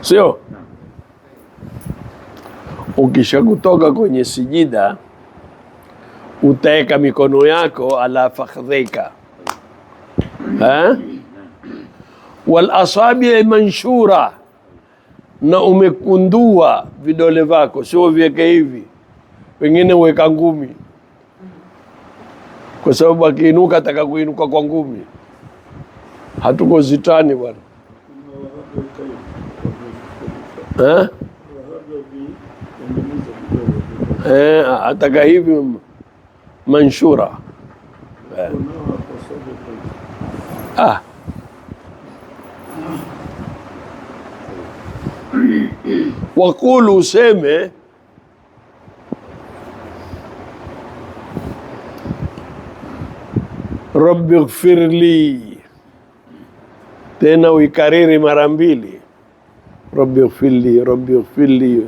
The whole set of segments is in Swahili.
sio? Ukisha kutoka kwenye sijida utaweka mikono yako ala fakhdhika wal asabi manshura, na umekundua vidole vyako, sio viweke hivi, wengine uweka ngumi, kwa sababu akiinuka ataka kuinuka kwa ngumi. Hatuko zitani bwana. Eh? Eh, ataka hivi manshura eh. Ah. Wakulu useme rabbi ighfir li, tena uikariri mara mbili rabbi ighfirli rabbi ighfirli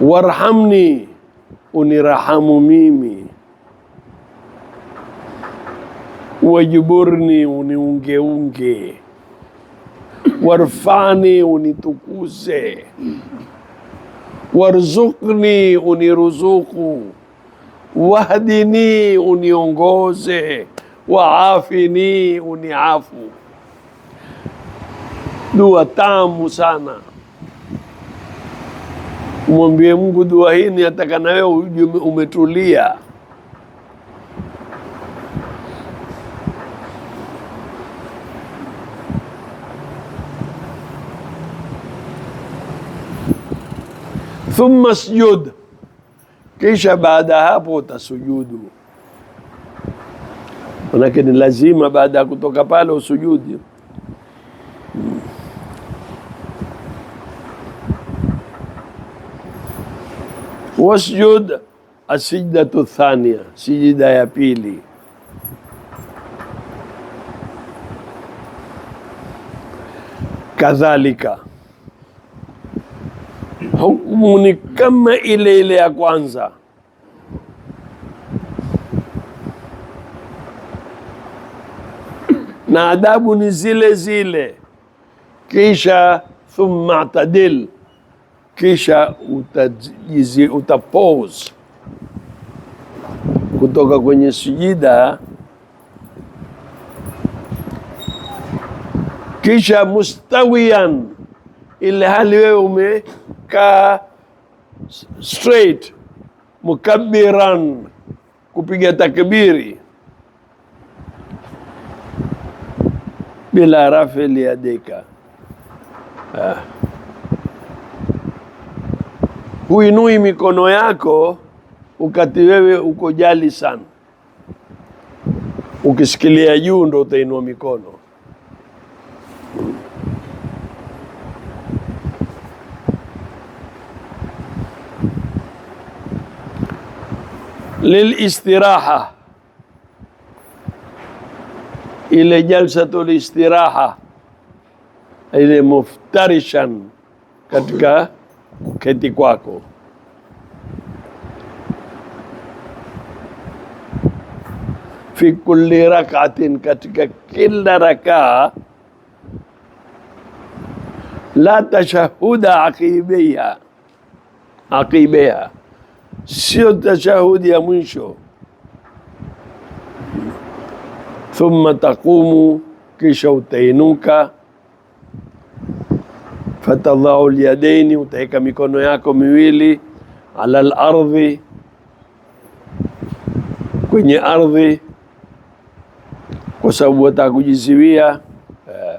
warhamni, unirahamu mimi, wajiburni, uniungeunge, warfani, unitukuze, warzukni, uniruzuku, wahdini, uniongoze, waafini, uniafu dua tamu sana. Umwambie Mungu dua hii ni ataka na wewe ujue umetulia. Thumma sujud, kisha baada ya hapo utasujudu. Manake ni lazima baada ya kutoka pale usujudi. wasjud asijdatu thania, sijida ya pili. Kadhalika, hukumu ni kama ile ile ya kwanza. na adabu ni zile zile. Kisha thumma atadil kisha utajizi, utapose kutoka kwenye sujida, kisha mustawian, ile hali wewe umekaa straight, mukabiran, kupiga takbiri bila rafil yadeka ah. huinui mikono yako ukati wewe uko jali sana, ukisikilia juu ndo utainua mikono. Lilistiraha, ile jalsatul istiraha ile muftarishan katika 24. في كل ركعة كتك كل ركعة لا تشهد عقيبية عقيبية سيو تشهد يا منشو ثم تقوم كشوتينوكا تينوكا fatallahu lyadaini, utaweka mikono yako miwili ala lardhi, kwenye ardhi, kwa sababu wataka kujiziwia eh.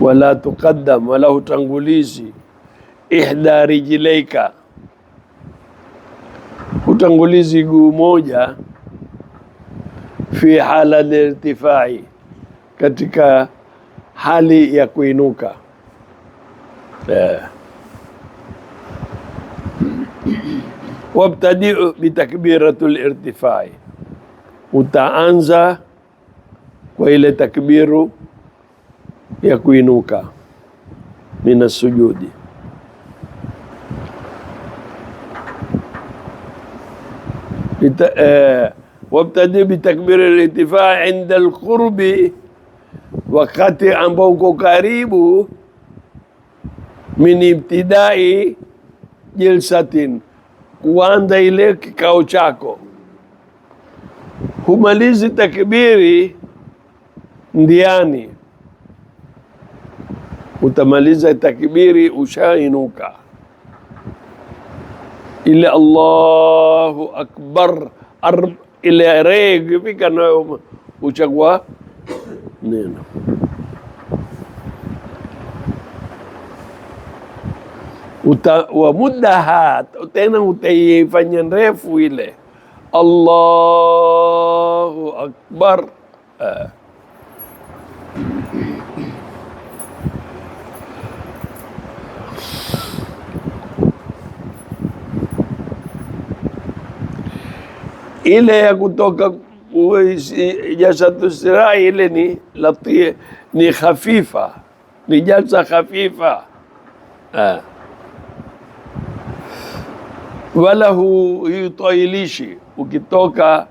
wala tuqaddam, wala hutangulizi ihda rijilaika, hutangulizi guu moja fi hala lirtifai katika hali ya kuinuka yeah. Wabtadiu bitakbiratu lirtifai, utaanza kwa ile takbiru ya kuinuka mina sujudi. Eh, wabtadiu bitakbiri lirtifai inda lqurbi wakati ambao uko karibu min ibtidai jilsatin, kuanza ile kikao chako, humalizi takbiri ndiani, utamaliza takbiri ushainuka, ile Allahu akbar ile rege fika nayo uchagua నేను Uta, wa utena tena utaifanya refu ile Allahu akbar eh. ile ya kutoka Ijazatustirai ile ni latia, ni khafifa, ni jaza khafifa. Eh. Wala huitawilishi, ukitoka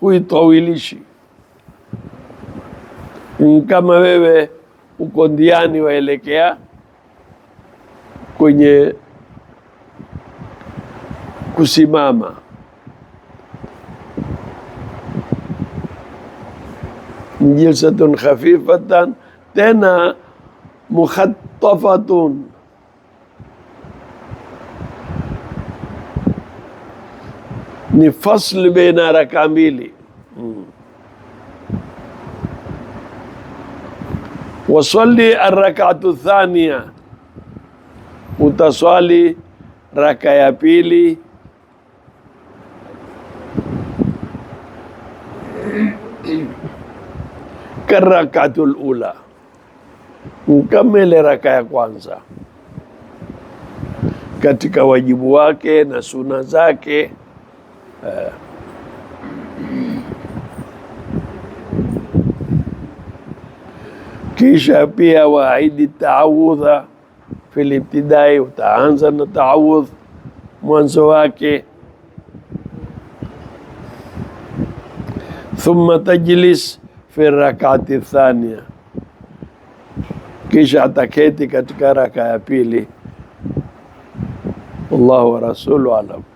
huitawilishi. Kama wewe uko ndiani waelekea kwenye kusimama جلسة خفيفة تنا مخطفة نفصل بين ركاميلي وصلي الركعة الثانية وتصلي ركايا بيلي katika rakatul ula, ukamele raka ya kwanza katika wajibu wake na suna zake eh. Kisha pia waidi taawudha fil ibtidai, utaanza na taawudh mwanzo wake. Thumma tajlis في الركعة الثانية كيش اعتكيتك تكركا يا بيلي الله ورسوله أعلم